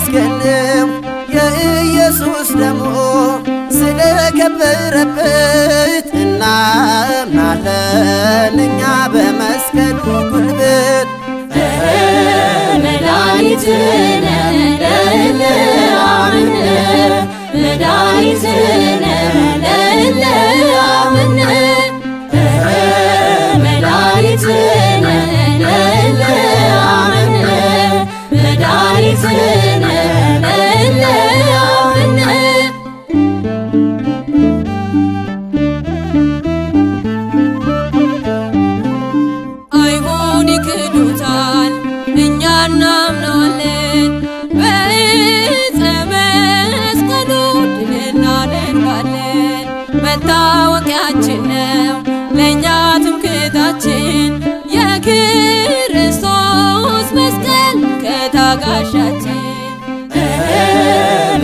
መስቀል ነው የኢየሱስ ደሙ ስለከበረበት እናምናለን እኛ በመስቀሉ ጉልበት መድኃኒትነ ለለአምነ መድኃኒትነ ለለ ጋሻችን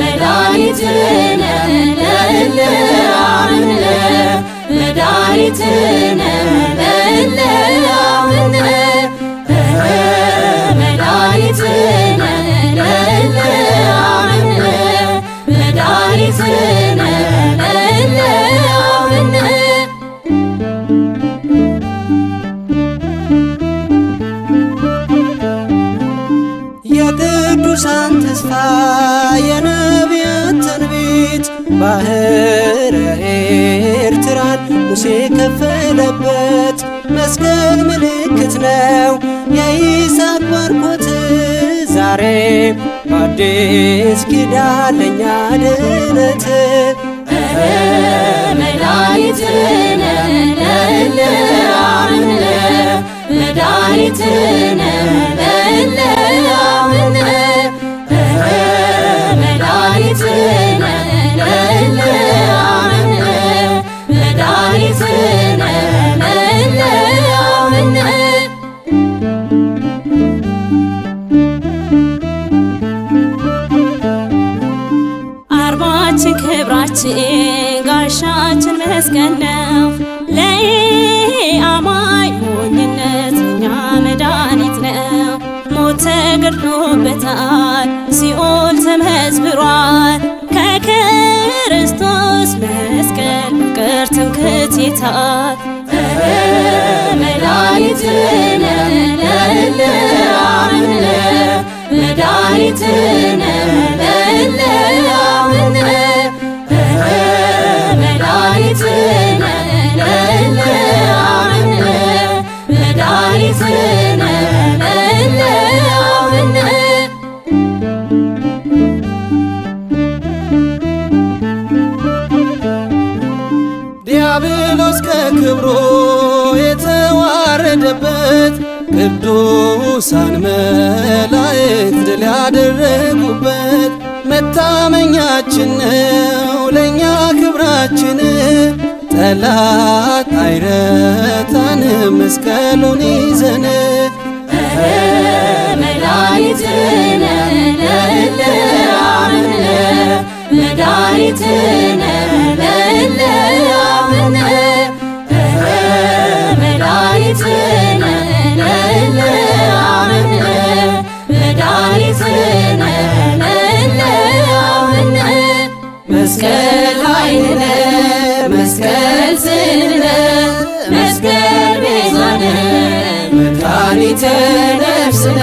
መድኃኒትነህ ለእለ ባህረ ኤርትራን ሙሴ ከፈለበት መስቀል ምልክት ነው የይስሐቅ ባርኮት ዛሬ አዲስ ኪዳን ለኛ ድነት መድኃኒትነ አምነ መድኃኒትነ ብርሃናችን ጋሻችን መስቀል ነው። ለአማኝ ሞኝነት እኛ መድኃኒት ነው። ሞት ተገድሎበታል፣ ሲኦል ተመዝብሯል። ከክርስቶስ መስቀል ፍቅር ትምክህት መድኃኒትነ ለለ አምነ መድኃኒት ያደረበት ቅዱሳን መላእክት ድል ያደረጉበት መታመኛችን ነው ለእኛ ክብራችን። ጠላት አይረታን መስቀሉን ይዘን መድኃኒትነ ለእለ ዓለምነ መድኃኒትነ ቤተ ነፍስነ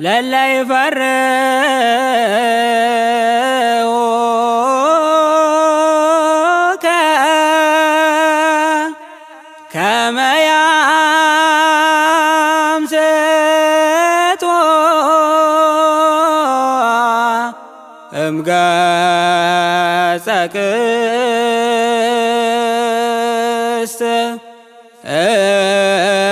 للا يفرق أه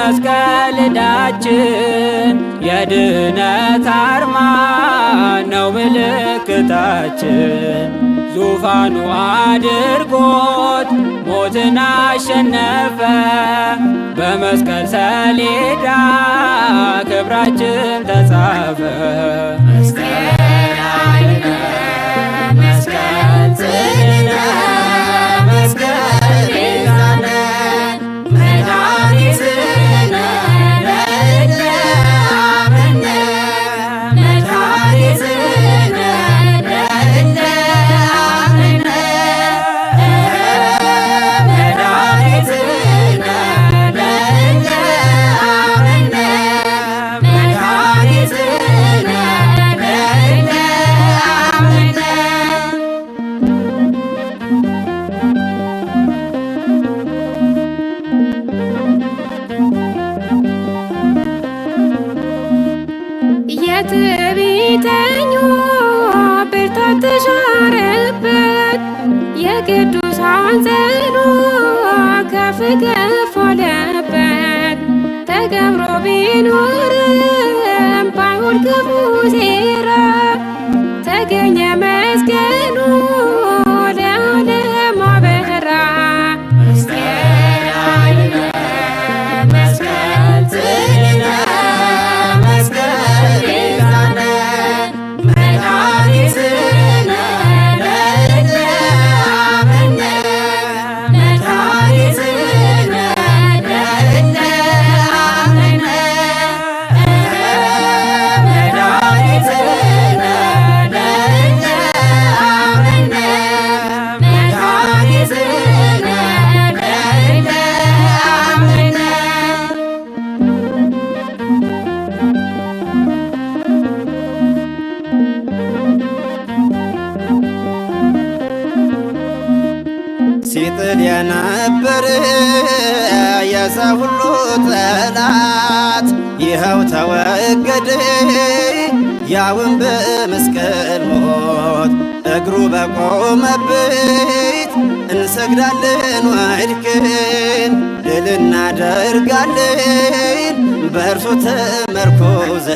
መስቀል ዳችን የድነት አርማ ነው ምልክታችን። ዙፋኑ አድርጎት ሞትን አሸነፈ በመስቀል ሰሌዳ ክብራችን ተጻፈ። መስቀል የሰው ሁሉ ጠላት ይኸው ተወገደ፣ ያውም በመስቀል ሞት እግሩ በቆመበት እንሰግዳለን ወድቅን ድል እናደርጋለን በእርሱ ተመርኮዘ